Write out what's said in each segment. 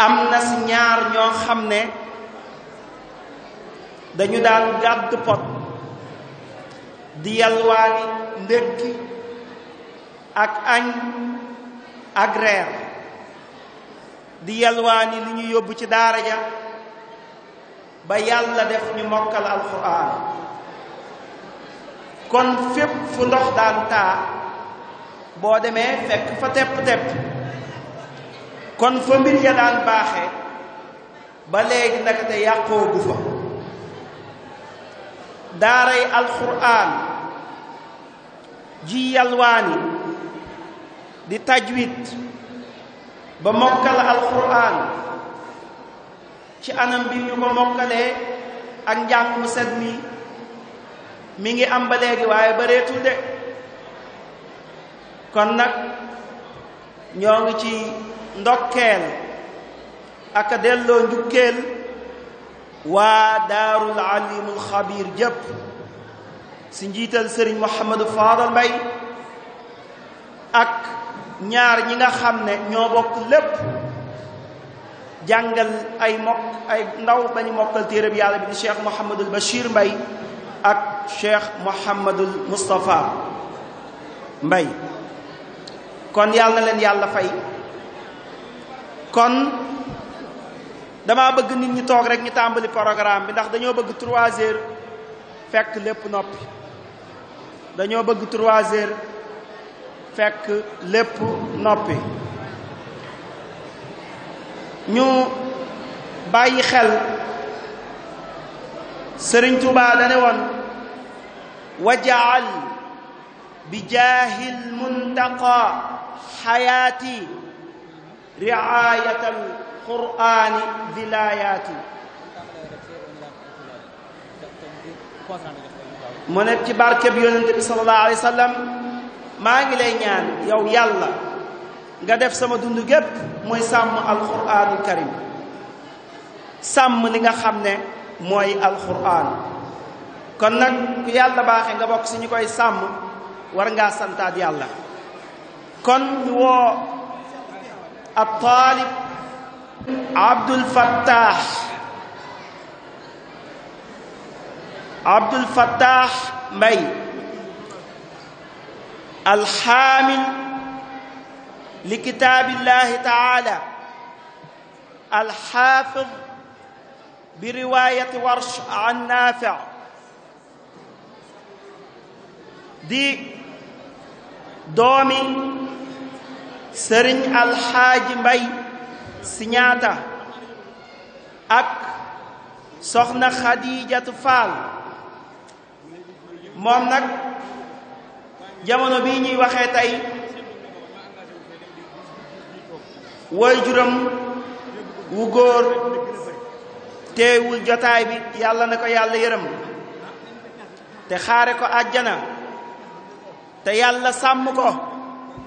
am na si ñaar ñoo xam ne dañu daan gàdd pot di yalwaani ndékki ak añ ak reer di yalwaani li ñu yóbbu ci daara ja ba yàlla def ñu mokkal alxuraan kon fépp fu ndox daan taa boo demee fekk fa tepp-tepp kon fa mbir ya daan baaxe ba léegi naka te yàqoogu fa daaray alxuraan ji yalwaani di tajwid ba mokkal alxuraan ci anam bi ñu ko mokkalee ak njàng mu set mi mu ngi am ba léegi waaye bareetul de kon nag ñoo ngi ci ndokkeel aka delloo njukkeel waa daarul alimul xabir jëpp ci njiital sëriñ Mouhamadou Fadal Mbay ak ñaar ñi nga xam ne ñoo bokk lépp jàngal ay mokk ay ndaw ba ñu mokkal téereb yàlla bi di cheikh Mouhamadul Mbay ak cheikh Mouhamadul Moustapha Mbay kon yàlla leen yàlla fay kon dama bëgg nit ñi toog rek ñu tàmbali programme bi ndax dañoo bëgg trois heures fekk lépp noppi dañoo bëgg trois heures fekk lépp noppi ñu bàyyi xel sëriñ Tuubaa dane woon wajaal bi jaahil muntaqa xayaati riayatal qur'ani vilayaati mu ne ci barkeb yonente bi sallallahu alayhi wa maa ngi lay ñaan yow yàlla nga def sama dund gépp mooy sàmm alquraanul karim sàmm li nga xam ne mooy alquraan kon nag ku yàlla baaxe nga bokk si ñu koy sàmm war ngaa santaat yàlla kon woo الطالب عبد الفتاح عبد الفتاح مي الحامل لكتاب الله تعالى الحافظ برواية ورش عن نافع دي دومي sëriñ alxaaji mbay siñaata ak soxna xadijatu faal moom nag jamono bii ñuy waxee tey waajuram wu góor teewul jotaay bi yàlla na ko yàlla yërëm te xaare ko àjjana te yàlla sàmm ko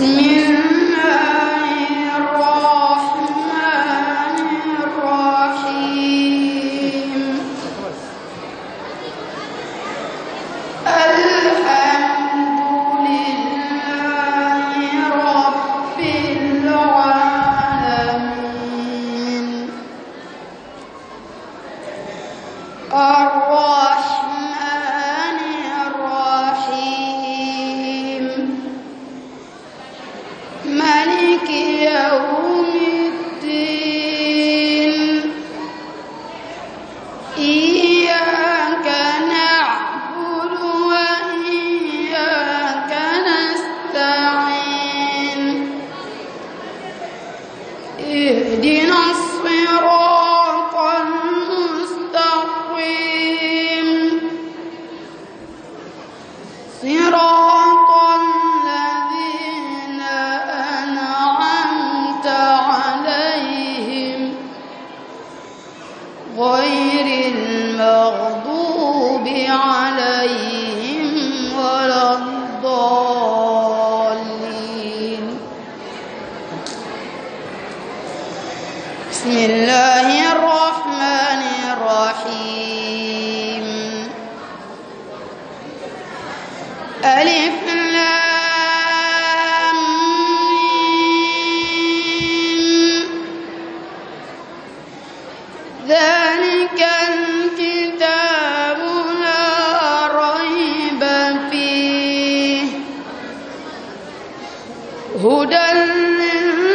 بسم هدى للمتقين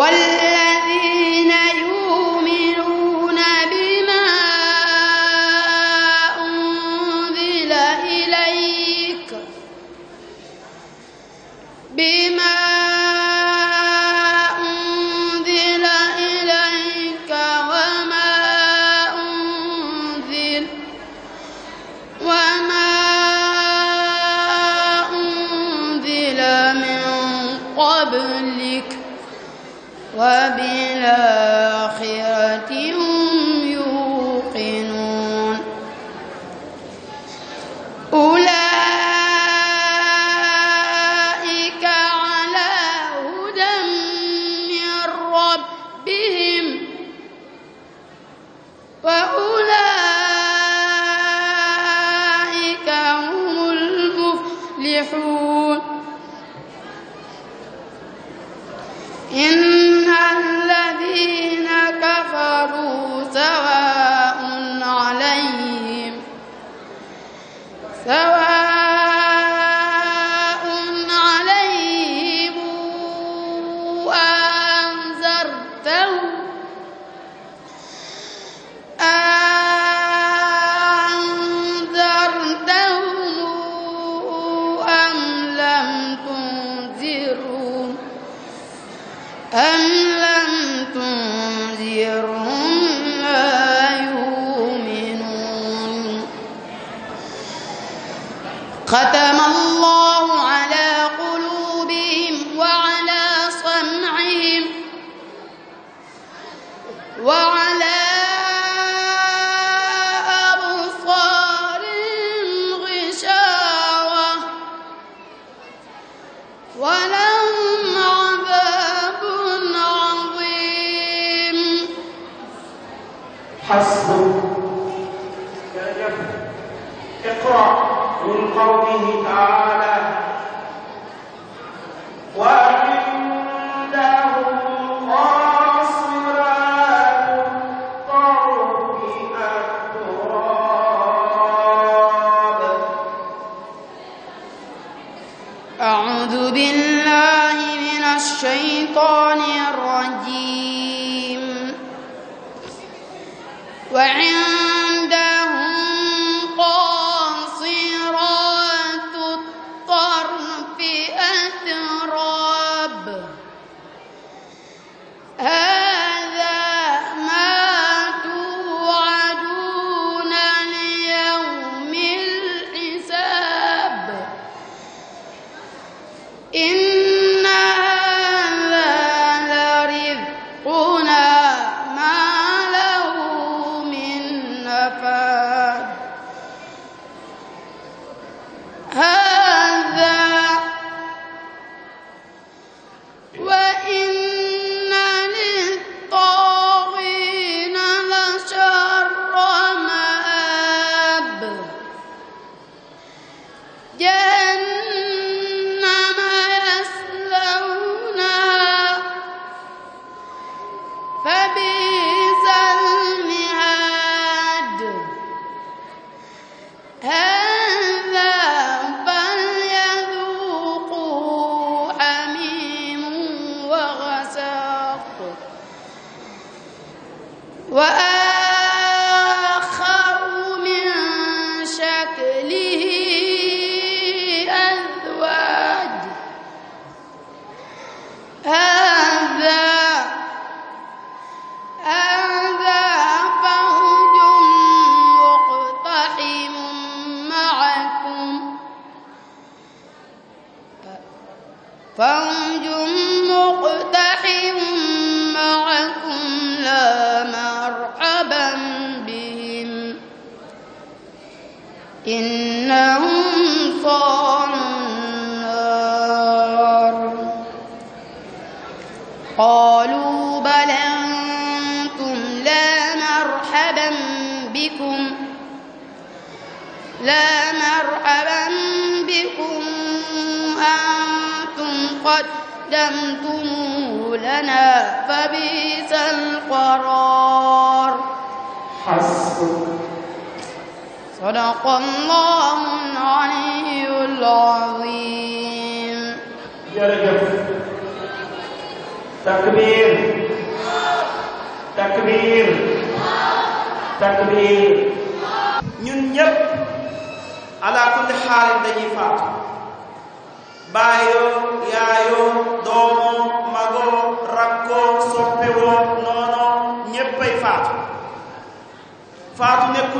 wal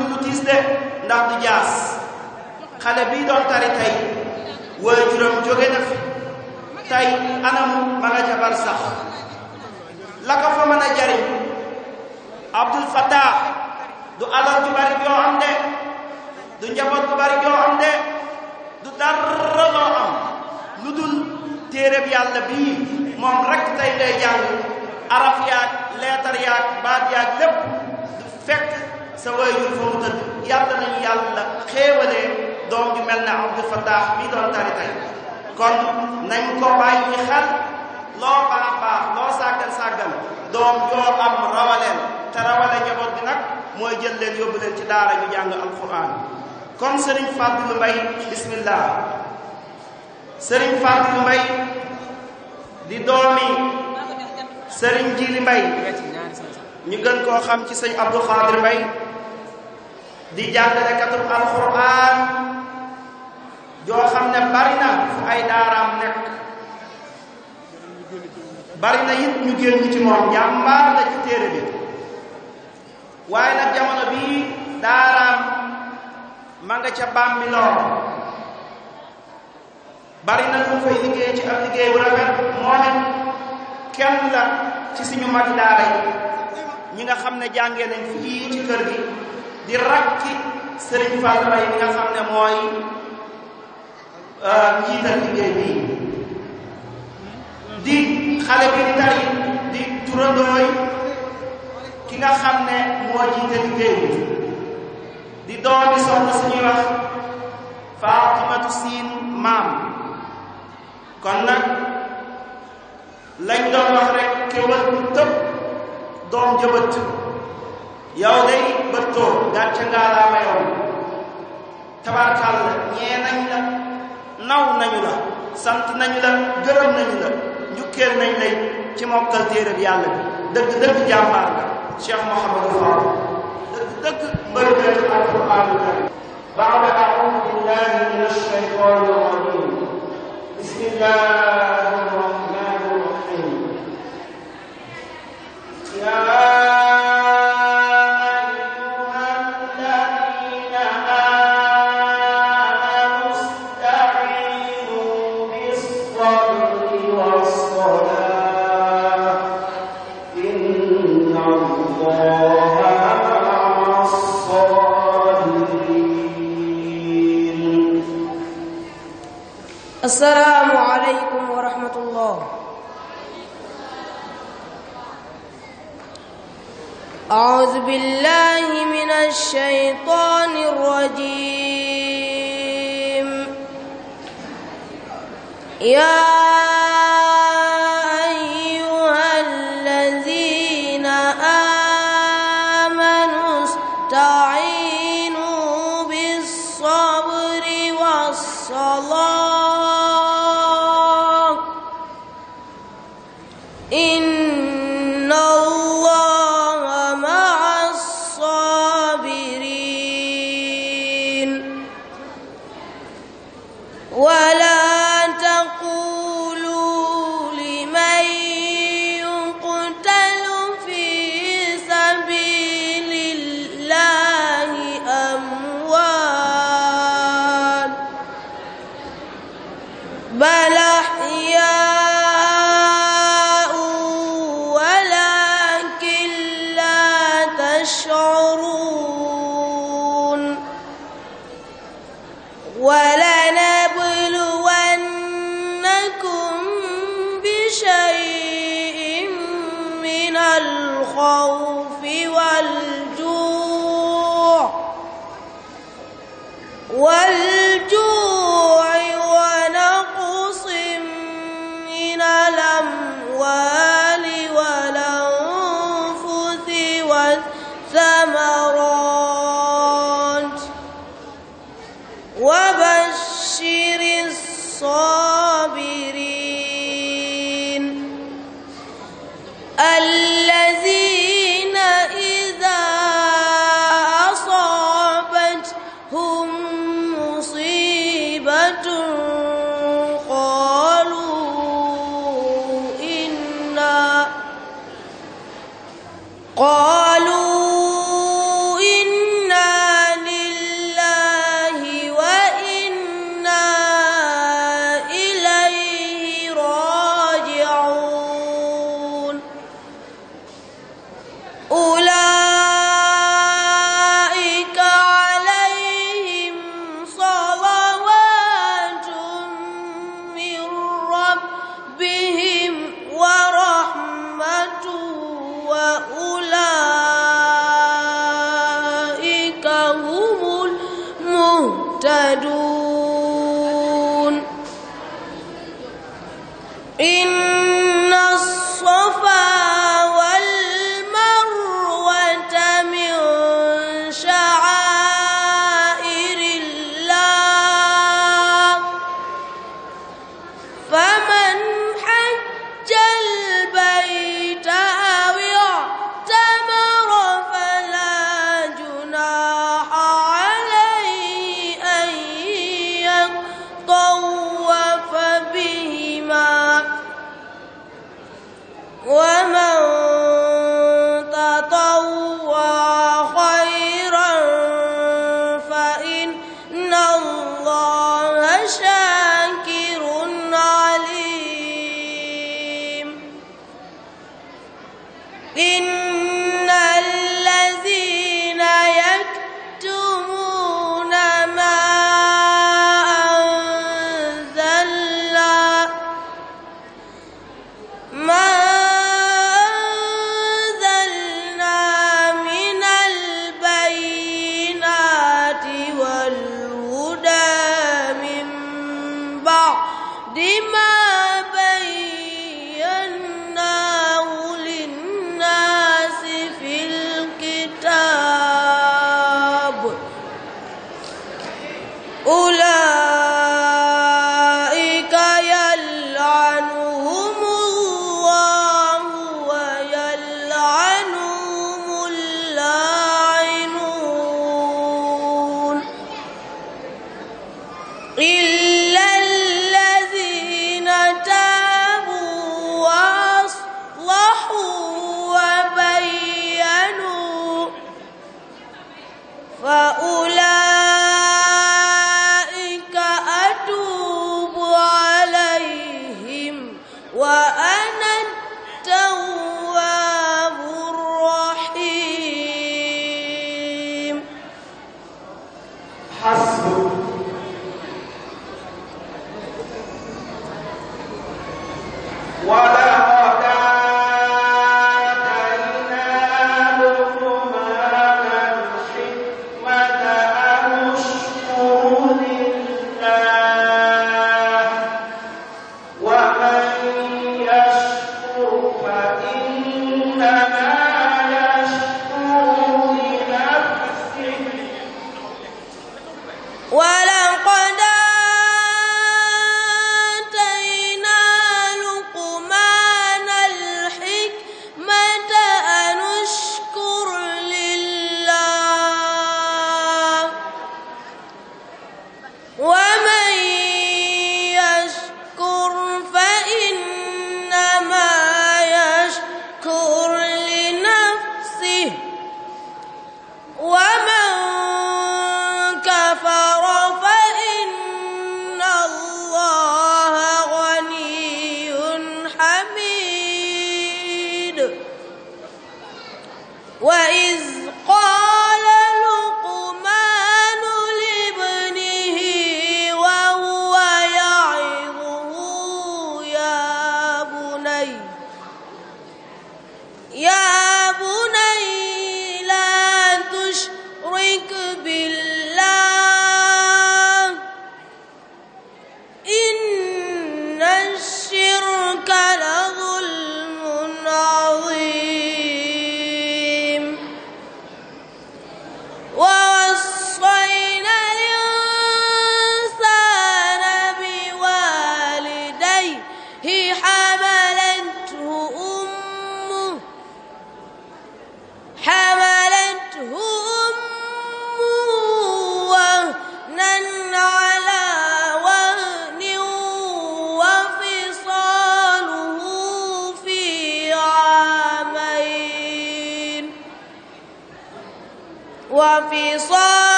bul lu tiis de ndax du jaas xale bii doon tari tey waajuram jóge na fi tey anam sax la fa mën a du alal ju bari joo de du njaboot bu bari joo de du dara loo lu dul téereb yàlla bii moom rek tey ngay araf yaag leetar yaag baat yaag lépp du fekk sa waajur fa mu tëdd yàlla nañ yàlla xéewalee doom ju mel ne Abdou Fattah bii doon tari tey kon nañ ko bàyyi ci xel loo baax baax loo sàggan sàggan doom yoo am rawaleen te rawale njaboot bi nag mooy jël leen yóbbu leen ci daara ñu jàng alquran kon sëriñ Fàddilu Mbay bismillah sëriñ Fàddilu Mbay di doomi sëriñ Jili Mbay ñu gën koo xam ci sëñ Abdou Xaadir Mbay di jàngalekatub alquran joo xam ne bari ay daaraam nekk bari na ñu génn ci moom jàmbaar la ci téere bi waaye nag jamono bii daaraam ma nga ca Bambilor bari na lu fay ci ab liggéey bu rafet moom it kenn la ci suñu mag daara yi ñi nga xam ne jàngee nañ fii ci kër gi di rakki Serigne Fall Mbaye mi nga xam ne mooy euh, jiital liggéey bi di xale bi di tari di turandooy ki nga xam ne moo jiital liggéey bi di doomi soxna suñuy wax Faatimatu Siin maam kon nag lañ doon wax rek kéwal bu tëb doom jëbët yow day bëttoo gàcce ngaalaama yow tabarkaal la ñee nañ la naw nañu la sant nañu la gërëm nañu la njukkeel nañ lay ci mokkal téereb yàlla bi dëgg dëgg jàmbaar nga cheikh mohamadou faw dëgg dëgg mbërgëri alquraan بعد أعوذ بالله من الشيطان الرجيم بسم الله الرحمن الرحيم يا السلام عليكم ورحمة الله أعوذ بالله من الشيطان الرجيم يا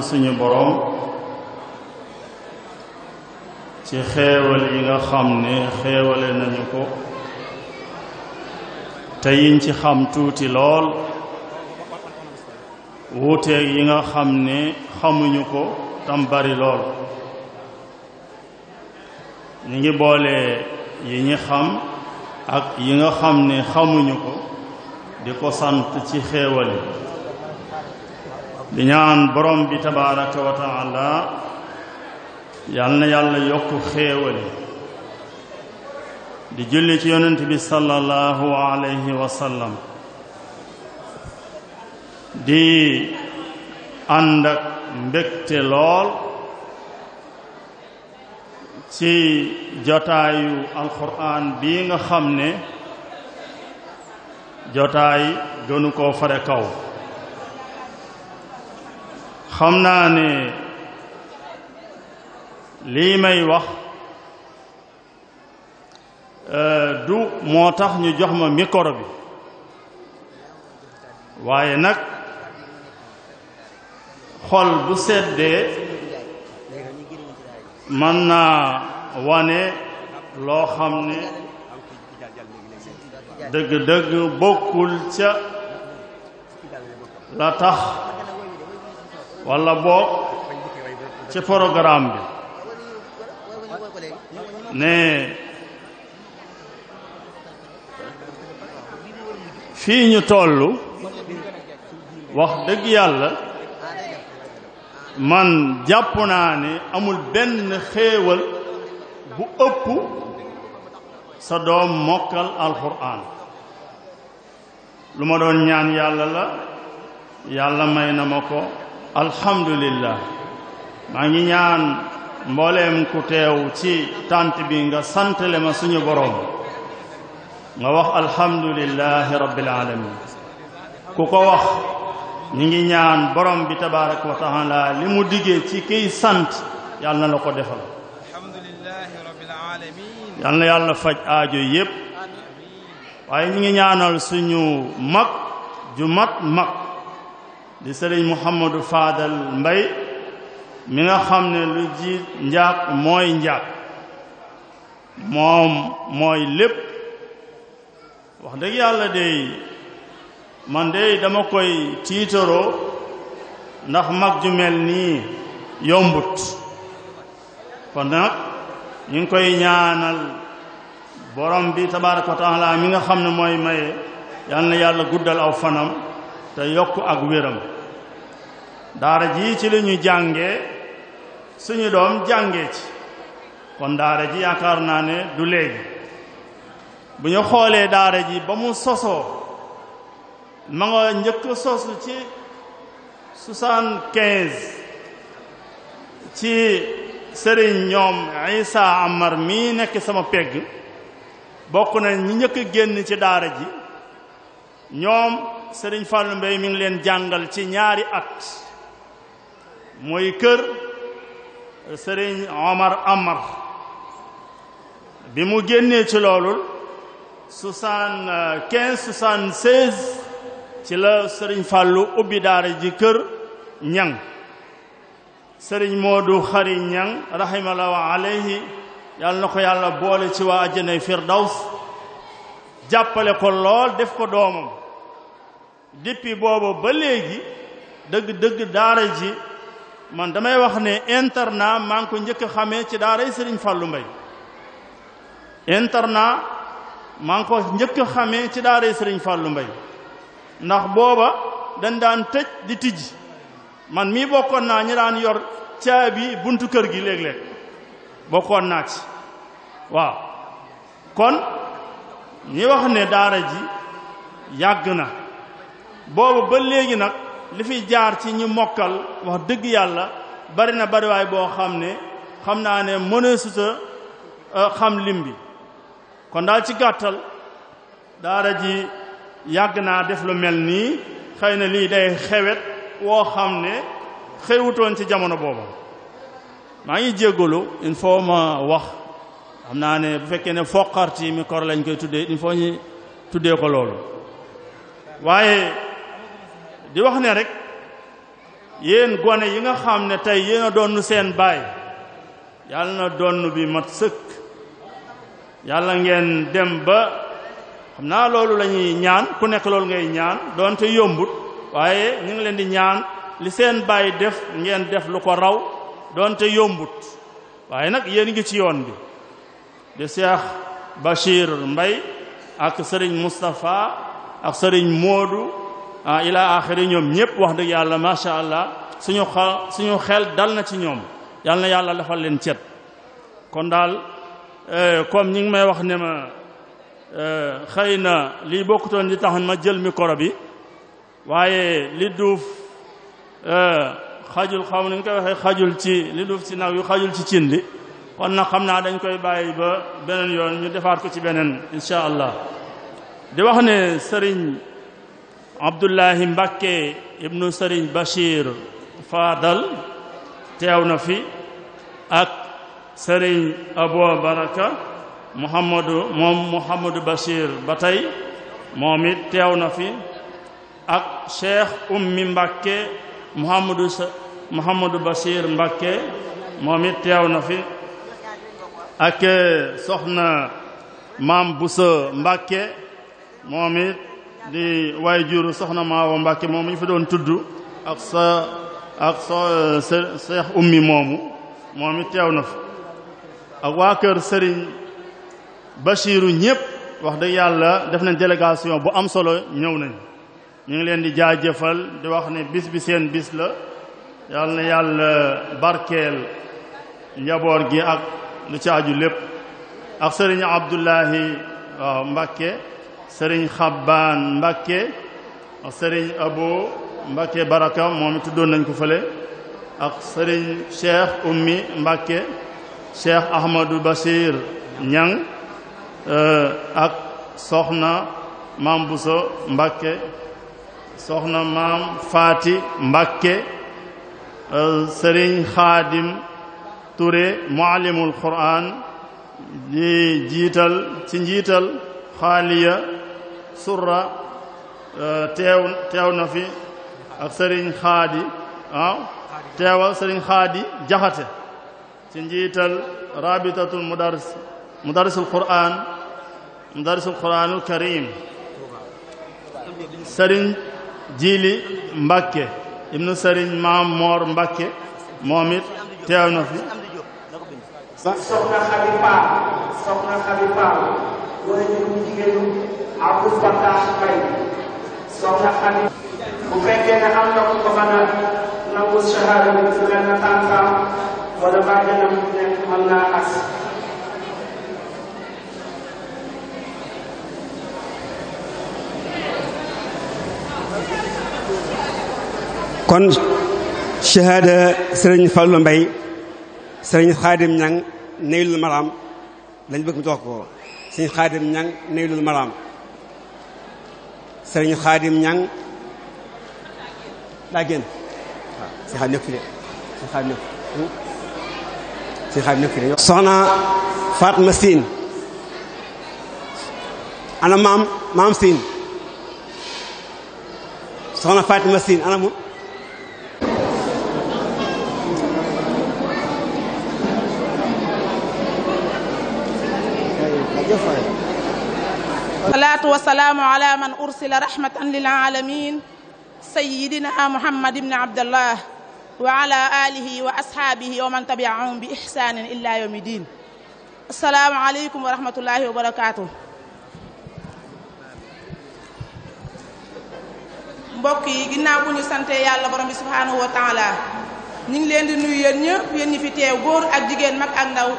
suñu boroom ci xeewal yi nga xam ne xeewale nañu ko te yiñ ci xam tuuti lool wuuteeg yi nga xam ni xamuñu ko tam bari lool ñu ngi boole yi ñi xam ak yi nga xam ni xamuñu ko di ko sant ci xeewal yi di ñaan borom bi tabaraka wa taala yal yàlla yokk xéewali di julli ci yonent bi sallallahu alayhi wa sallam di ànd ak mbégte lool ci jotaayu alquran bii nga xam ne jotaay gënu koo fare kaw xam naa ne lii may wax euh, du moo tax ñu jox ma micro bi waaye nag xol bu seddee mën naa wane loo xam ne dëgg-dëgg bokkul ca la tax walla boo ci programme bi ne fii ñu tollu wax dëgg yàlla man jàpp naa ne amul benn xéewal bu ëpp sa doom mokkal alxuraan lu ma doon ñaan yàlla la yàlla may na ma ko alhamdulillah maa ngi ñaan mbooleem ku ci tànt bi nga santale ma suñu boroom nga wax alhamdulillahi rabbil alamin ku ko wax ñi ngi ñaan borom bi tabaaraka wa taala li mu diggee ci kiy sant yàlla na la ko defal yàlla na faj aajo yépp waaye ñi ngi suñu mag ju mat di sëriñ Mouhamadou Fadal Mbay mi nga xam ne lu jiit njaag mooy njaag moom mooy lépp wax dëgg yàlla dey man dey dama koy tiitaroo ndax mag ju mel nii yombut kon nag ñu ngi koy ñaanal borom bi tabaaraka wa mi nga xam ne mooy maye yal na yàlla guddal aw fanam te yokk ak wéram daara ji ci lañu jànge suñu doom jànge ci kon daara ji yaakaar naa ne du léegi bu ñu xoolee daara ji ba mu sosoo ma nga njëkk sosu ci soixante-quinze ci sëriñ ñoom Isa Amar mii nekk sama pegg bokk na ñi njëkk génn ci daara ji ñoom sëriñ Fallou Mbaye mi ngi leen jàngal ci ñaari at mooy kër sëriñ Omar Amar bi mu génnee ci loolu soixante quinze soixante seize ci la sëriñ Fàllu ubbi daara ji kër ñang sëriñ Moodu Xari ñang rahimallahu alayhi yàlla ko yàlla boole ci waa àjjanay firdaws jàppale ko lool def ko doomam depuis boobu ba léegi dëgg-dëgg daara ji man damay wax ne internat maa ngi ko njëkk a ci daaray Sëriñ Fàllu Mbay internat maa ko njëkk a ci daaray Sëriñ Fàllu Mbay ndax booba dañ daan tëj di tij man mi bokkoon naa ñi daan yor caabi buntu kër gi léeg-léeg bokkoon naa ci waaw kon ñi wax ne daara ji yàgg na boobu ba léegi nag li fi jaar ci ñu mokkal wax dëgg yàlla bari na bariwaay boo xam ne xam naa ne mënee suta euh, xam lim bi kon daal ci gàttal daara ji yàgg naa def lu mel nii xay na lii day xewet woo xam ne xewutoon ci jamono boobu maa ngi jéggalu il faut ma wax xam naa ne bu fekkee ne foqar ci micro lañ koy tuddee il faut ñu tuddee ko loolu waaye di wax ne rekk yéen gone yi nga xam ne tey yéen a doon seen baay yàlla na doon bi mat sëkk yàlla ngeen dem ba xam naa loolu la ñaan ku nekk loolu ngay ñaan doonte yombut waaye ñu ngi leen di ñaan li seen baay def ngeen def lu ko raw doonte yombut waaye nag yéen ngi ci yoon bi di Cheikh Bachir Mbay ak sëriñ mustafa ak sëriñ Moodu Ah, ila axiri ñoom ñëpp wax dëgg yàlla macha allah suñu xel suñu xel dal na ci ñoom yal na yàlla defal leen cet kon daal eh, comme ñu ngi may wax ne ma eh, xëy na lii bokkutoon di tax ma jël micro bi waaye li duuf eh, xajul xaw ni ñu koy waxee xajul ci li duuf ci nag yu xajul ci cin li kon na xam naa dañ koy bàyyi ba beneen yoon ñu defaat ko ci beneen incha allah di wax ne sëriñ abdullahi mbàkke ibnu sëriñ bachir faadal teew na fi ak sëriñ abo baraka muhammadu moom muhammadu bachir ba moom it teew fi ak cheikh ummi mbàkke muhammadu muhammadu bachir moom it teew fi ak soxna maam busa mbàkke moom it di waay juru soxna Maawa Mbàkke moom ñu fi doon tudd ak sa ak sa seex ummi moomu moom it teew na fi ak waa kër Serigne Bachiru ñépp wax dëgg yàlla def nañ délégation bu am solo ñëw nañ ñu ngi leen di jaajëfal di wax ne bis bi seen bis la yàlla na yàlla barkeel njaboot gi ak lu ci aju lépp ak Serigne Abdullahi waaw Mbàkke sëriñ xabbaan mbàkke ak sëriñ abo mbàkke baraka moom it tuddoon nañ ko fale ak sëriñ cheikh ummi mbakke cheikh ahmadou bachir ñang euh, ak soxna maam buso mbàkke soxna maam faati mbàkke euh, sëriñ xaadim Touré muallimul Qur'an di jiital ci njiital xaaliya surra euh, teew teew na fi ak sëriñ xaadi waaw ah, teewal sëriñ xaadi jaxate ci njiital rabitatul mudaris mudarisul qur'an mudarisul qur'anul karim sëriñ jiili mbàkke ibnu sëriñ maam moor mbàkke moom teew na amul bànqaas mbay soxna Xadi bu fekkee ne am na ku ko mën a nangu shahada bi ci benn tànkam wala bàjjanam nekk mën naa as kon shahada sëriñ Fallu Mbay sëriñ Xaadim Ñang Naylul Maram lañ bëgg mu jox ko sëriñ Xaadim Ñang Naylul Maram sëriñ xaadim ñang daa génn waaw si xaadim nekk fi de si ana maam maam soxna Fatma Sine ana salaatu wa salaamu ala man ursila rahmatan lil alamin sayidina muhammad ibni abdallah wa ala alihi wa ashaabihi wa man tabiahum bi ihsanin ila yawmi din asalaamu aleykum wa rahmatullahi wa barakaatu mbokk yi ginnaaw bu ñu sante yàlla borom bi subhaanahu wa taala ñu ngi leen di nuyu yéen ñëpp yéen ñi fi teew góor ak jigéen mag ak ndaw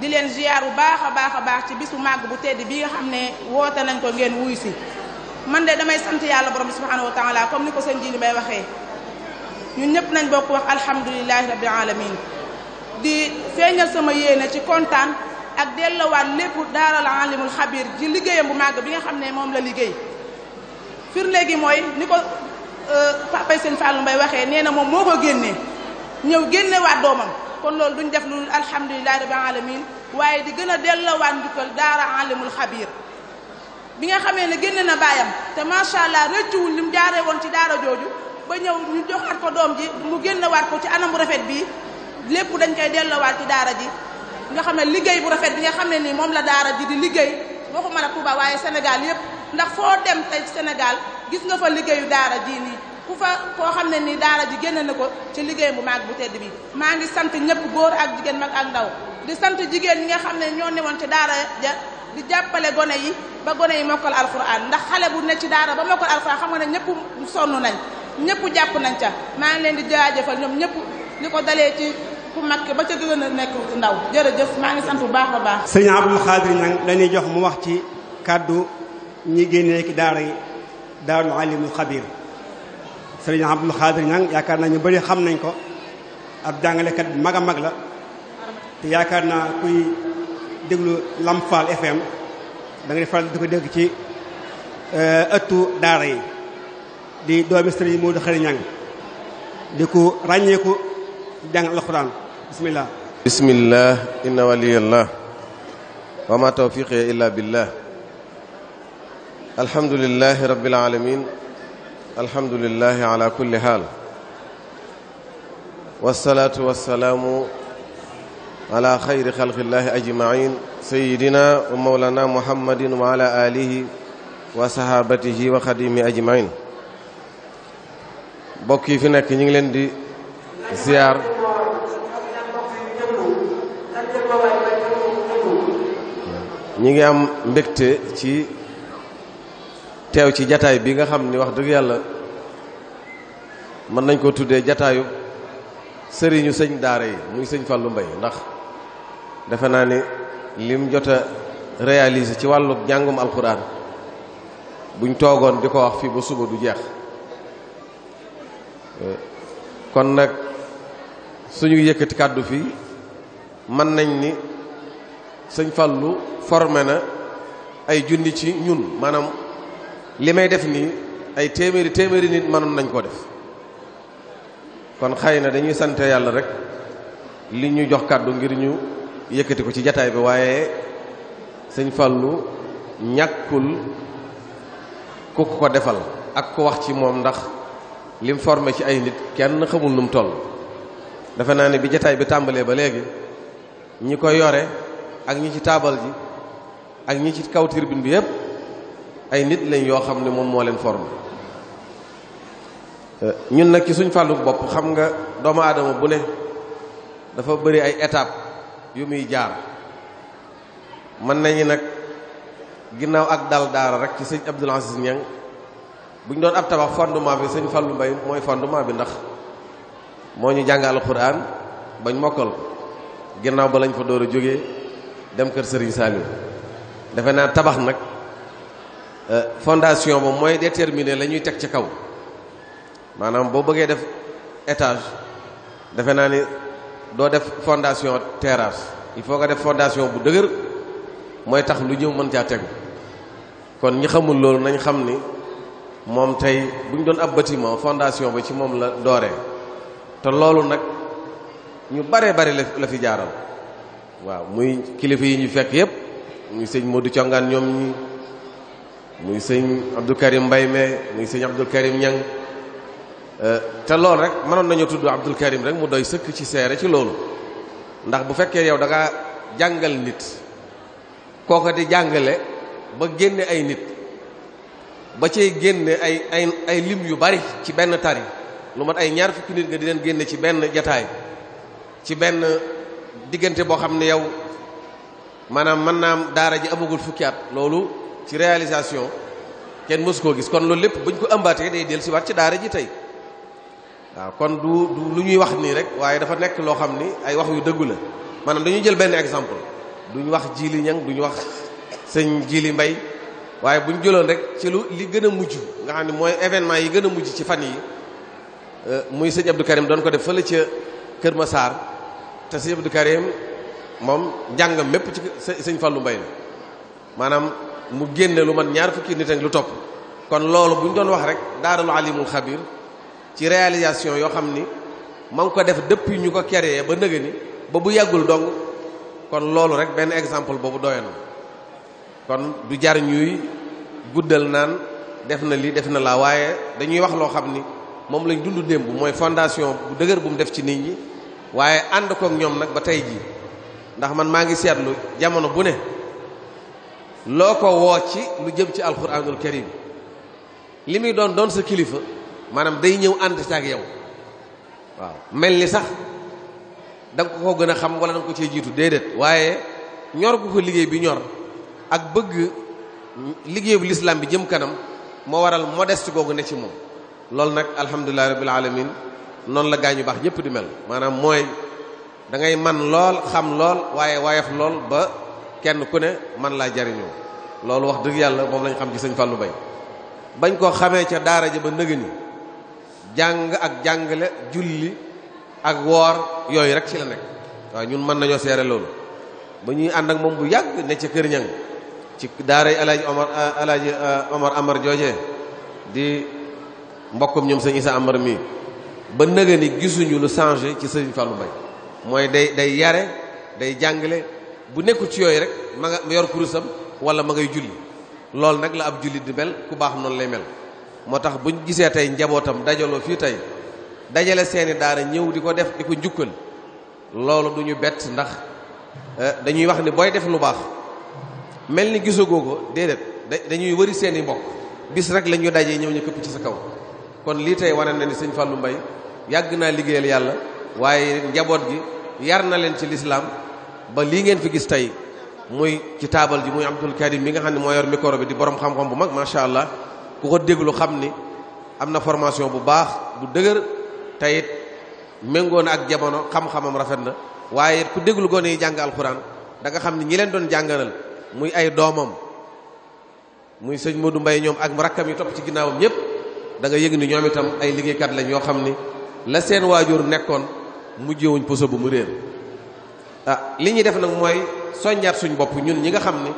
di leen ziar bu baax a baax a baax ci bisu màgg bu tedd bi nga xam ne woote nañ ko ngeen wuyu si man de damay sant yàlla borom bi subhanahu wa taala comme ni ko sëñ ji li may waxee ñun ñëpp nañ bokk wax alhamdulilahi rabbil alamin di feeñal sama yéene ci kontaan ak delloowaat lépp daaral alimul xabir ji liggéeyam bu màgg bi nga xam ne moom la liggéey firnde gi mooy ni ko euh, papay sëñ Fallou Mbaye waxee nee na moom moo ko génnee ñëw génnewaat doomam kon loolu duñu def lu alhamdulilahi rabbil alamin waaye di gën a delloowaat njukkal daara alimul xabir bi nga xamee ne génn na baayam te macha allah rëccuwul ni mu jaaree woon ci daara jooju ba ñëw ñu joxaat ko doom ji mu génnewaat ko ci anam bu rafet bii lépp dañ koy delloowaat ci daara ji nga xam ne liggéey bu rafet bi nga xam ne nii moom la daara ji di liggéey waxuma la Touba waaye Sénégal yëpp ndax foo dem tey Sénégal gis nga fa liggéeyu daara jii nii ku fa koo xam ne ni daara ji génne na ko ci liggéey bu mag bu tedd bi maa ngi sant ñëpp góor ak jigéen mag ak ndaw di sant jigéen ñi nga xam ne ñoo newoon ci daara ja di jàppale gone yi ba gone yi mokkal alquran ndax xale bu ne ci daara ba mokkal alquran xam nga ne ñëpp sonn nañ ñëpp jàpp nañ ca maa ngi leen di jaajëfal ñoom ñëpp li ko dalee ci ku mag ba ca gën a nekk ndaw jërëjëf maa ngi sant bu baax a baax. sëñ Abdul Xaadir nag dañuy jox mu wax ci kàddu ñi génnee ki yi daarul alimul sëriñ Abdul Xaadir Ñang yaakaar naa ñu xam nañ ko ab jàngalekat bu mag a mag la te yaakaar na kuy déglu Lamp Fall FM da faral di ko dégg ci euh, ëttu daara yi di doomi sëriñ Moodu di ko ràññeeku jàng alxuraan bismillah bismillah inna waliyallah wa ma tawfiqi illa billah alhamdulillahi rabbil alamin الحمد لله على كل حال والصلاة والسلام على خير خلق الله أجمعين سيدنا ومولانا محمد وعلى آله وصحابته وخديم أجمعين bokk yi fi nekk ñu ngi leen di ziar ñu ngi am mbégte ci teew ci jataay bi nga xam ni wax dëgg yàlla mën nañ koo tuddee jataayu sëriñu sëñ daara yi muy sëñ Fallou Mbaye ndax defe naa ni lim jot a réaliser ci wàllu njàngum alxuraan buñ toogoon di ko wax fii ba suba du jeex kon nag suñu yëkkati kàddu fii mën nañ ni sëñ Fallou formé na ay junni ci ñun maanaam li may def nii ay téeméeri téeméeri nit manoon nañ koo def kon xëy na dañuy sante yàlla rek li ñu jox kàddu ngir ñu yëkkati ko ci jataay bi waaye sëñ Fallu ñàkkul ku ko defal ak ku wax ci moom ndax lim formé ci ay nit kenn xamul nu mu dafa naa ne bi jataay bi tàmbalee ba léegi ñi ko yore ak ñi ci taabal ji ak ñi ci kaw tribune bi yépp ay nit lañ yoo xam ne moom moo leen formé eh, ñun nag ci suñ fàllu bopp xam nga doomu aadama bu ne dafa bëri ay étape yu muy jaar mën nañu nag ginnaaw ak dal daara rek ci sëñ Abdoul Aziz Niang bu ñu doon ab tabax fondement bi sëñ Fallou Mbaye mooy fondement bi ndax moo ñu jàng alxuraan bañ mokkal ginnaaw ba lañ fa door a jóge dem kër Serigne Saliou defe naa tabax nag Euh, fondation ba mooy déterminer la ñuy teg ci kaw maanaam boo bëggee def étage defe naa ni doo def fondation terrasse il faut nga def fondation bu dëgër mooy tax lu ñëw mën caa tegu kon ñi xamul loolu nañ xam ni moom tey bu ñu doon ab bâtiment fondation ba ci moom la dooree te loolu nag ñu baree bari la fi jaaral waaw muy kilifa yi ñu fekk yépp ñu sëñ Modou Congaan ñoom ñi muy sëñ Abdou Karim Mbay me muy sëñ Abdou Karim Ñang euh, te loolu rek mënoon nañu tudd Abdou Karim rek mu doy sëkk ci seere ci loolu ndax bu fekkee yow danga jàngal nit kooka di jàngale ba génne ay nit ba cay génne ay ay ay lim yu bari ci benn tari lu mat ay ñaar fukki nit nga di leen génne ci benn jataay ci benn diggante boo xam ne yow maanaam mën naam daara ji amagul fukki at loolu ci réalisation kenn mosu koo gis kon loolu lépp bu buñ ko ëmbaatee day del si waat ci daara ji tey waaw kon du du lu ñuy wax nii rek waaye dafa nekk loo xam ni ay wax yu dëggu la maanaam ñu jël benn exemple duñu wax jili ñang duñu wax sëñ jii li mbay waaye buñ jëloon rek ci lu li gën a mujj nga xam ne mooy événement yi gën a mujj ci fan yi euh, muy sëñ Abdou doon ko def fële ca Kër Massar te sëñ Abdou Karim moom njàngam mépp ci sëñ fan lu la maanaam mu génne lu man ñaar fukki nit ak lu topp kon loolu bu ñu doon wax rek daarul alimul xabir ci réalisation yoo xam ni ma ngi ko def depuis ñu ko créé ba nëga ba bu yàggul dong kon loolu rek benn exemple boobu doyoon kon du jar ñuy guddal naan def na li def na laa waaye dañuy wax loo xam ni moom lañ dund démb mooy fondation bu dëgër bu mu def ci nit ñi waaye ànd kook ñoom nag ba tey jii ndax man maa ngi seetlu jamono bu ne loo ko woo ci lu jëm ci alxuraanul karim li muy doon doon sa kilifa maanaam day ñëw ànd ci ak yow waaw mel ni sax da nga ko gën a xam wala da nga ko cee jiitu déedéet waaye ñor gu ko liggéey bi ñor ak bëgg liggéey bu lislaam bi jëm kanam moo waral modest googu ne ci moom loolu nag alhamdulilahi rabbil alamin noonu la yu baax ñëpp di mel maanaam mooy dangay man lool xam lool waaye wayaf lool ba kenn ku ne man laa jariñoo loolu wax dëgg yàlla moom lañu xam ci sëñ Fallou Mbaye bañ koo xamee ca daara ja ba nëgëni jàng ak jàngale julli ak woor yooyu rek ci la nekk waaw ñun mën nañoo seere loolu ba ñuy ànd ak moom bu yàgg ne ca kër ñang ci daara alaaji omar alaaji eh, omar amar jooje di mbokkum ñoom sëñ Issa Amar mii ba nëgëni gisuñu lu changé ci sëñ Fallou Mbaye mooy day day yare day jàngale bu nekkul ci yooyu rek ma nga yor kurusam wala ma ngay julli loolu nag la ab julli di mel ku baax noonu lay mel moo tax buñ gisee tey njabootam dajaloo fii tey dajale seeni daara ñëw di ko def di ko njukkal loolu du ñu bett ndax eh, dañuy wax ni booy def lu baax mel ni gisagoo ko déedéet dañuy wëri seeni mbokk bis rek lañuy ñu dajee ñëw ñu këpp ci sa kaw kon lii tey wane na ni sëñ Fallou mbay yàgg naa liggéeyal yàlla waaye njaboot gi yar na leen ci lislaam ba lii ngeen fi gis tey muy ci taabal ji muy Abdul Karim mi nga xam ne mooy yor micro bi di borom xam-xam bu mag macha allah ku ko déglu xam ni am na formation bu baax bu dëgër teyit méngoo na ak jamono xam-xamam rafet na waaye ku déglu gone yi jàng alxuraan danga xam ni ñi leen doon jàngalal muy ay doomam muy sëñ Modou mbay ñoom ak rakkam yi topp ci ginnaawam ñëpp da yég ni ñoom itam ay liggéeykat lañ yoo xam ni la seen waajur nekkoon mujjewuñ poso bu mu ah li ñuy def nag mooy soññaat suñ bopp ñun ñi nga xam ne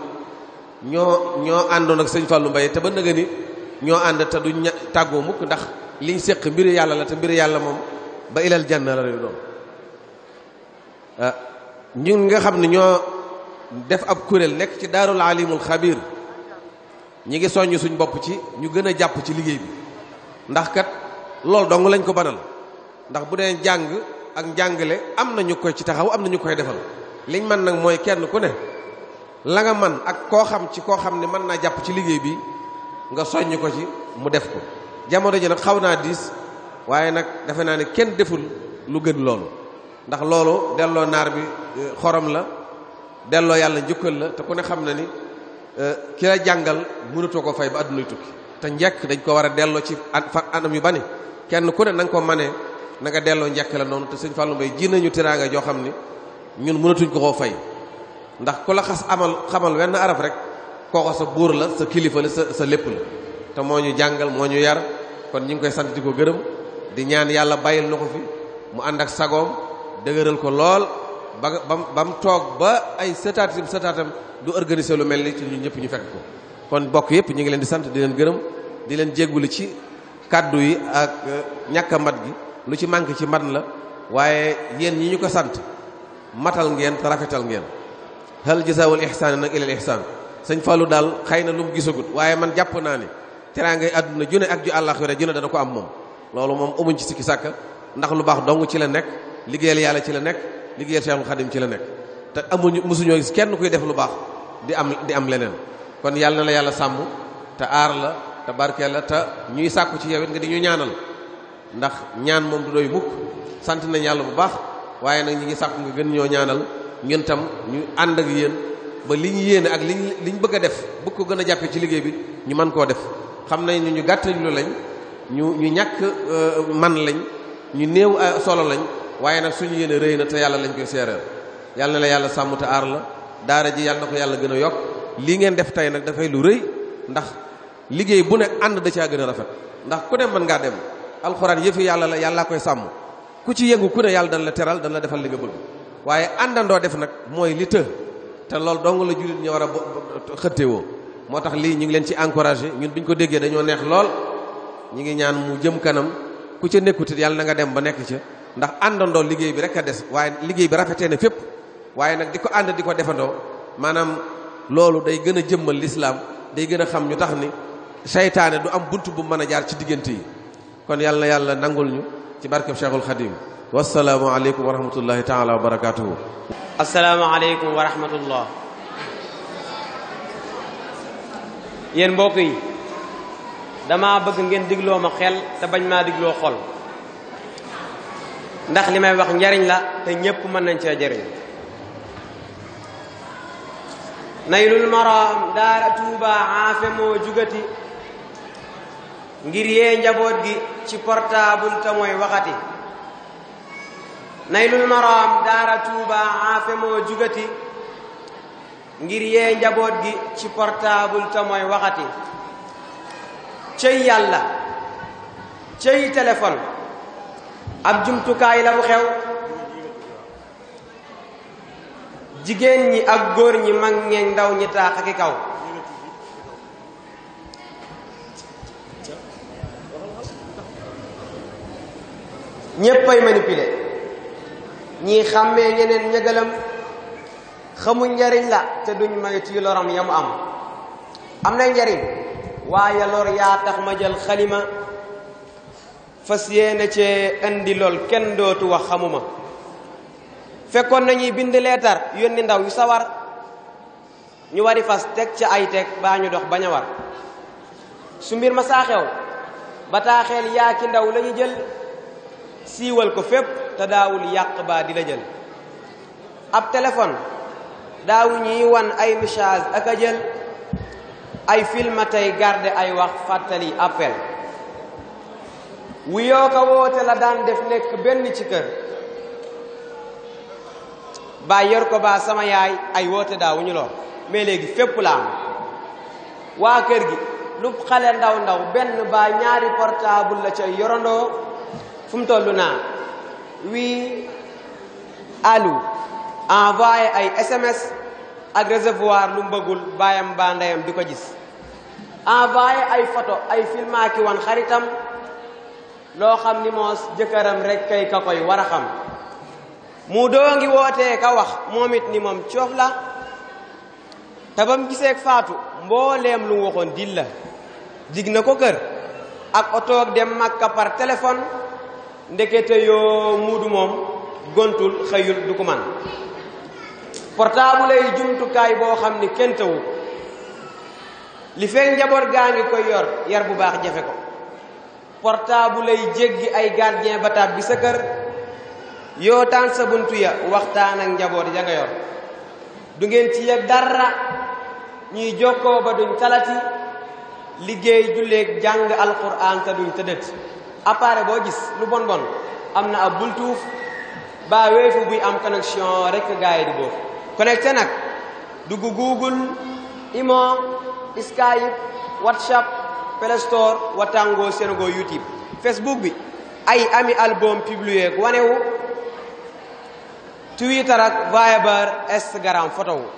ñoo ñoo àndoon ak sëñ Fallou mbay te ba nëga ni ñoo ànd te duñ tàggoo mukk ndax liñ séq mbiri yàlla la te mbiri yàlla moom ba ilal janna la lay doon ah, ñun nga xam ne ñoo def ab kuréel nekk ci daarul alimul xabir ñi ngi soññ suñ bopp ci ñu gën a jàpp ci liggéey bi ndax kat loolu dong lañ ko banal ndax bu dee jàng ak njàngale am na ñu koy ci taxaw am na ñu koy defal liñ man nag mooy kenn ku ne la nga man ak koo xam ci koo xam ne mën naa jàpp ci liggéey bi nga soññ ko ci mu def ko jamono ji nag xaw naa diis waaye nag defe naa ne kenn deful lu gën loolu ndax loolu delloo naar bi euh, xorom la delloo yàlla njukkal la te ku ne xam na ni euh, ki la jàngal mënatoo ko fay ba àdduna tukki te njekk dañ ko war a delloo ci anam yu bari kenn ku ne na nga ko manee na nga delloo njëkk la noonu te sëñ Fallou Mbaye ji nañu teraanga joo xam ni ñun mënatuñ ko koo fay ndax ku la xas amal xamal wenn arab rek kooko sa buur la sa kilifa la sa sa lépp la te moo ñu jàngal moo ñu yar kon ñu ngi koy sant di ko gërëm di ñaan yàlla bàyyil na ko fi mu ànd ak sagoom dëgëral ko lool ba ba mu toog ba ay sëtaatim sëtaatam du organiser lu mel ni ci ñun ñëpp ñu fekk ko kon bokk yëpp ñu ngi leen di sant di leen gërëm di leen jéggulu ci kàddu yi ak euh, ñàkk mat gi lu ci manqué ci man la waaye yéen ñi ñu ko sant matal ngeen te rafetal ngeen hal jazaawul ihsaan nag ilal ihsaan sëñ Fallou daal xëy na lu mu gisagut waaye man jàpp naa ne teraangay àdduna june ak ju àllaaxira june dana ko am moom loolu moom amuñ ci sikki sàkk ndax lu baax dong ci la nekk liggéeyal yàlla ci la nekk liggéeyal Cheikhul Khadim ci la nekk te amuñu mosuñoo gis kenn kuy def lu baax di am di am leneen kon yàlla na la yàlla sàmm te aar la te barkeel la te ñuy sàkku ci yow it di ñu ñaanal ndax ñaan moom du doy mukk sant nañ yàlla bu baax waaye nag ñi ngi sàkku nga gën ñoo ñaanal ngeen tam ñu ànd ak yéen ba li ñu yéene ak li liñ bëgg a def bëgg ko gën a jàppee ci liggéey bi ñu mën koo def xam nañ ñu ñu gàttañ lu lañ ñu ñu ñàkk euh, man lañ ñu néew euh, solo lañ waaye nag suñu yéene rëy na te yàlla lañ koy seereel yàlla na la yàlla sàmm te aar la daara ji yàlla na ko yàlla gën a yokk lii ngeen def tey nag dafay lu rëy ndax liggéey bu ne ànd da caa gën a rafet ndax ku mën ngaa dem alxuraan yëfi yàlla la yàllaa koy sàmm ku ci yëngu ku ne yàlla dana la teral dana la defal li nga bëgg waaye àndandoo def nag mooy li të te loolu dong la jullit ñu war a xëttewoo moo tax lii ñu ngi leen ci encouragé ñun bi ko déggee dañoo neex lool ñu ngi ñaan mu jëm kanam ku ca nekkutit yàlla na nga dem ba nekk ca ndax àndandoo liggéey bi rek a des waaye liggéey bi rafetee na fépp waaye nag di ko ànd di ko defandoo maanaam loolu day gën a jëmmal lislaam day gën a xam ñu tax ni seytaane du am bunt bu mën a jaar ci diggante yi kon yàlla yàlla nangul ñu ci barkeb Cheikhul Khadim wasalaamu aleykum wa rahmatullahi taala wa barakaatuhu. asalaamu aleykum wa rahmatullah. yéen mbokk yi dama bëgg ngeen digloo ma xel te bañ maa digloo xol ndax li may wax njariñ la te ñépp mën nañ cee jariñ naylul maram daara tuuba aafe moo jugati ngir yee njaboot gi ci portaabul te mooy waxati naylul maraam daara tuuba aafe moo jugati ngir yee njaboot gi ci portaabul tamoy mooy waxati cëy yàlla cëy téléphone ab jumtukaay la bu xew jigéen ñi ak góor ñi mag ñeeg ndaw ñi taax ak kaw ñépp ay manipuler ñii xàmmee ñeneen ñëgalam xamuñ njariñ la te duñ moytu loram ya mu am am na njariñ waaye lor yaa tax ma jël xalima fas yéene cee indi lool kenn dootu wax xamuma fekkoon na nañuy bind leetar yónni ndaw yu sawar ñu wari fas teg ca ay teg baa ñu dox bañ a ma saaxew bataaxeel yaa ki ndaw lañu jël siiwal ko fépp te daawul yàq baa di la jël ab téléphone daawu ñuy wan ay message ak a jël ay film tey garde ay wax fàttali appel wu yoo ko woote la daan def nekk benn ci kër baa yor ko ba sama yaay ay woote daawuñu lool mais léegi fépp la waa kër gi lu xale ndaw ndaw benn baa ñaari portable la ca yorandoo fu mu toll naa wii alu envoyé ay SMS ak recevoir lu mu baayam ba ndeyam di ko gis envoyé ay photo ay film ki wan xaritam loo xam ni moos jëkkëram rek kay ka koy war a xam mu doo ngi wootee ka wax moom it coof la te ba mu gisee faatu lu mu waxoon dil la dig na ko kër ak otoog dem Makka par téléphone ndekete yoo muudu moom gontul xëyul du ko man portable yi jumtukaay boo xam ni kenn tawu li fekk njaboot gaa ngi ko yor yar bu baax jafe ko portable yi jéggi ay gardien ba bi sa kër yootaan sa buntu ya waxtaan ak njaboot ya nga yor du ngeen ci yëg dara ñuy jokkoo ba duñ talati liggéey julleeg jàng alquran te duñ tëddët appareil boo gis lu bon am na ab bultuuf ba weefu buy am connexion rek gars yi di boobu connecté nag dugg Google Imo Skype WhatsApp Play Store Watango YouTube Facebook bi ay ami album publié ak wane Twitter ak Viber Instagram photo wu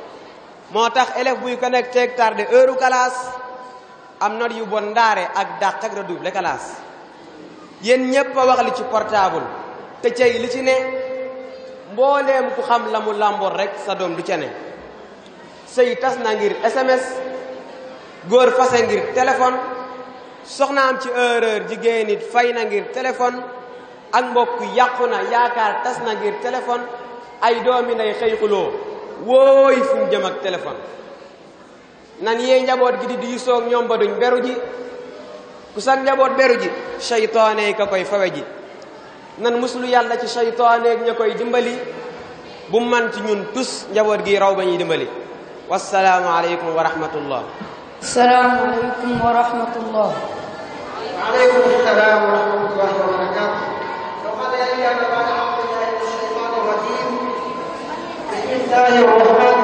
moo tax élève buy connecté tardé heure u classe am not yu bon ndaare ak dàq ak redouble classe yéen ñépp wax li ci portable te cay li ci ne mbooleem ku xam la mu làmboor rek sa doom du ca ne sëy tas na ngir sms góor fase ngir téléphone soxnaam ci erreur jigéen it fay na ngir téléphone ak mbokk yàqu na yaakaar tas na ngir téléphone ay doomi nday xëy xuloo wooy fu mu jëm ak téléphone nan yee njaboot gi di diisoo ak ñoom ba duñ beru ku njaboot beru ji seytaane ka koy fawe nan muslu yàlla ci seytaaneeg ña koy dimbali bu man ci ñun tus njaboot gi raw ba ñuy dimbali wasalaamu aleykum wa rahmatullah wa rahmatullah salaam wa rahmatullah wa barakatu وقال يا بعد أعوذ بالله من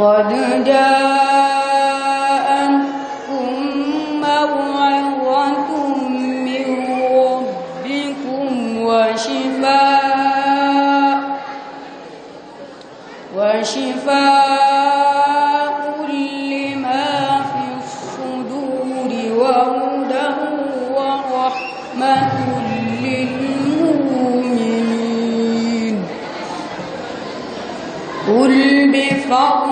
قد جاءتكم موعظة من ربكم وشفاء وشفاء لما في الصدور وهدى ورحمة للمؤمنين قل بفضل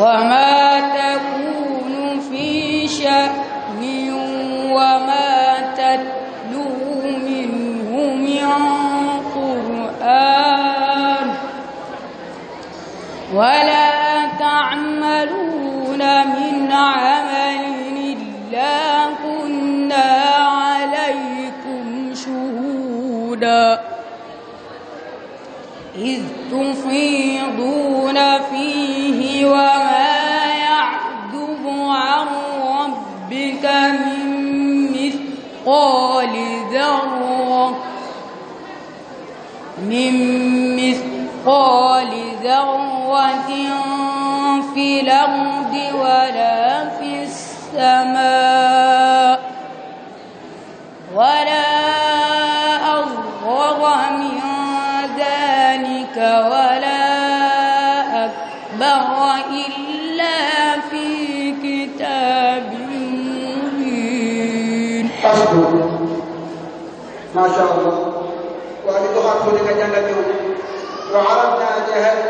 وما تكون في شأن وما تتلو منه من قرآن ولا في الأرض ولا في السماء ولا أصغر من ذلك ولا أكبر إلا في كتاب مبين ما شاء الله وأن تخافوا لك جنة وعرضنا جهنم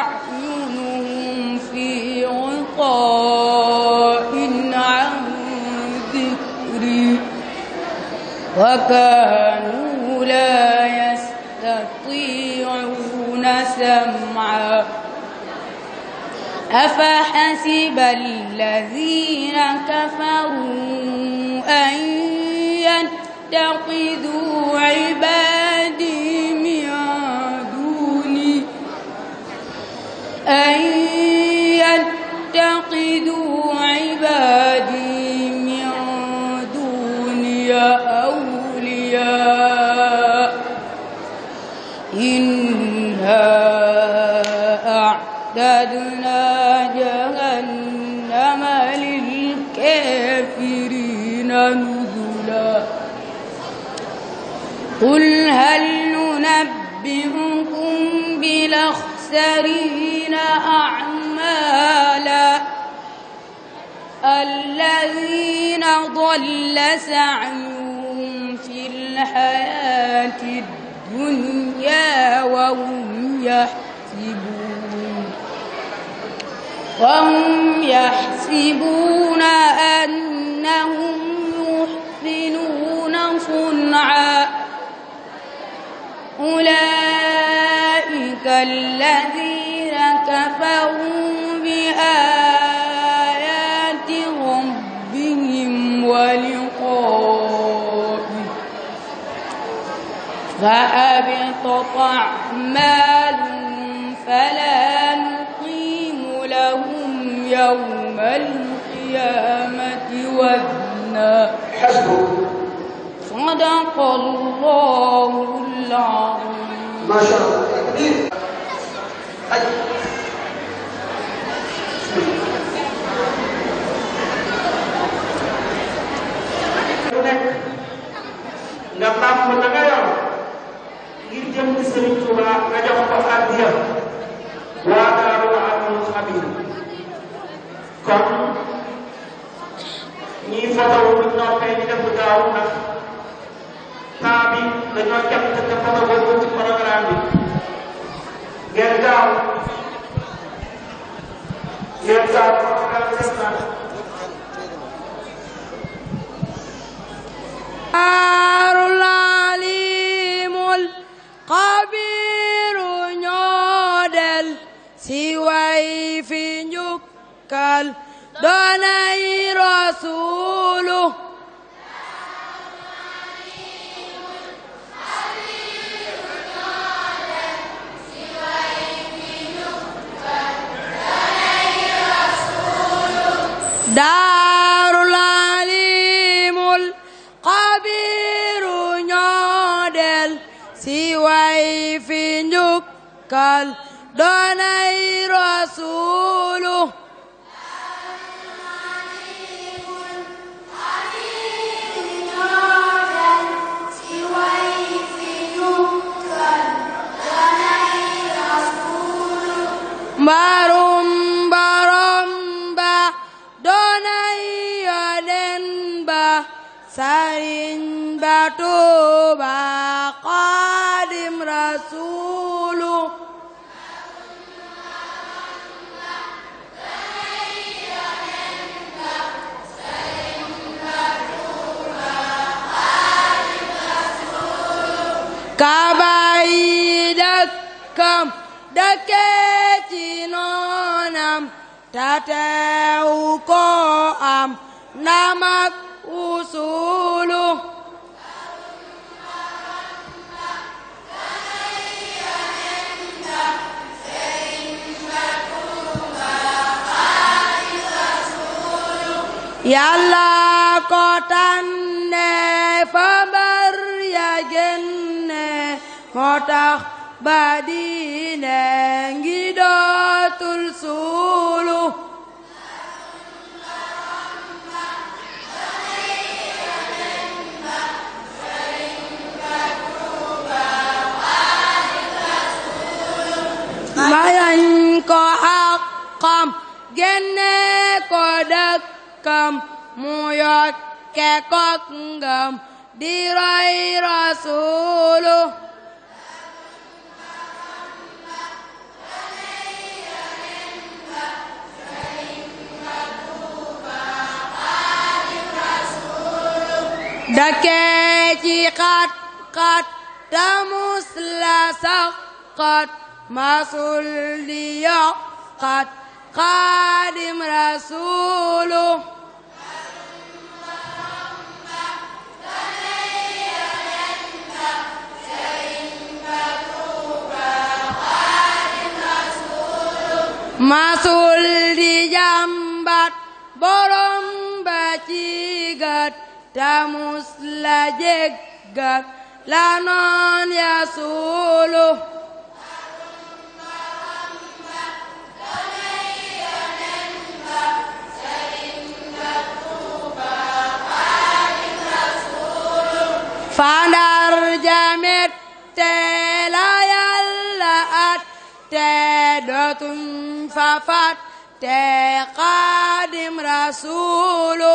أعينهم في عطاء عن ذكري وكانوا لا يستطيعون سمعا أفحسب الذين كفروا أن يتخذوا عبادا قل هل ننبئكم بالأخسرين أعمالا الذين ضل سعيهم في الحياة الدنيا وهم يحسبون وهم يحسبون أنهم يحسنون صنعا أولئك الذين كفروا بآيات ربهم ولقائه فأبطت أعمالهم فلا نقيم لهم يوم القيامة وزنا حسبك صدق الله العظيم ما شاء الله nga tàmm na nga yor ngir jëm ci Sëriñ Tuubaa nga jox ko addiya waa daaru amul xabir kon ñii fotow bu noppee ñu def gaaw ndax programme bi dañoo jàpp te photo boobu ci programme bi ngeen gaaw ngeen gaaw programme des na arullalimul xabiru ñoo del si way fi njukkal doonay rasulu daarul alimul xabiru ñoo del si way fi njukkal doonay rasulu Maru سر بتوبى قادم رسول كبيدكم دكتنونم تتوكم نمك ورسوله Yàlla ko tànne fa bar ya génne moo tax ba diine ngi dootul suulu génnee ko dëkkam mu yokke kok ngam di roy rasulu dakee ci xat xat tamus la sax xat masul xaadim rasuulu masul di jàmbat borom ba ci gat tamus la jéggat la noon ya suulu fandar jamet teela yàlla at te dootum fafat te xaadim rasulu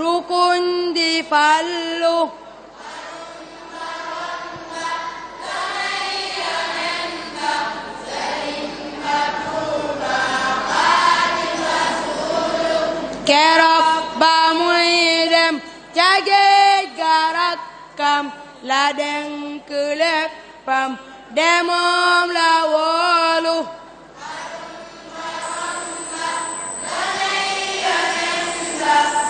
rukun di falluh كرب معيدم جاجي غرقم لدن كلفم دموم لولو Yes.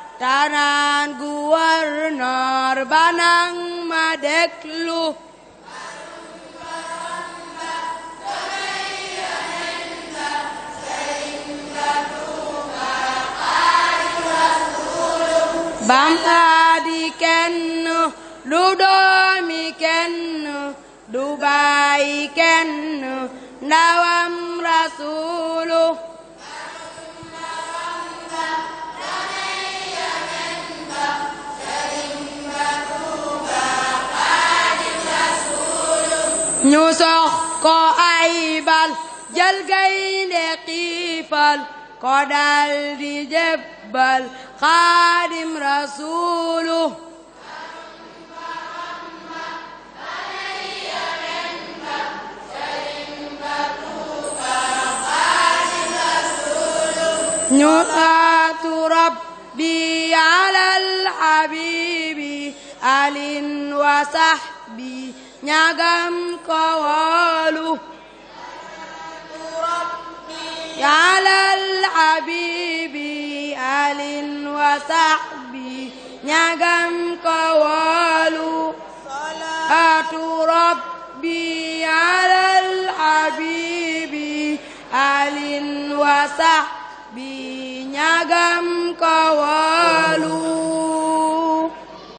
Tanan gubernur Banang Madeklu Bangka dikennu, dudomi kennu, Dubai kennu, dawam rasuluh ñu sox ko aybal jël gaynde xiifal ko dal di jébbal xaadim rasulu نعات ربي على الحبيب أل وصحبي ñagam ko wóolu yàllal habibi alin ñagam ko ñagam ko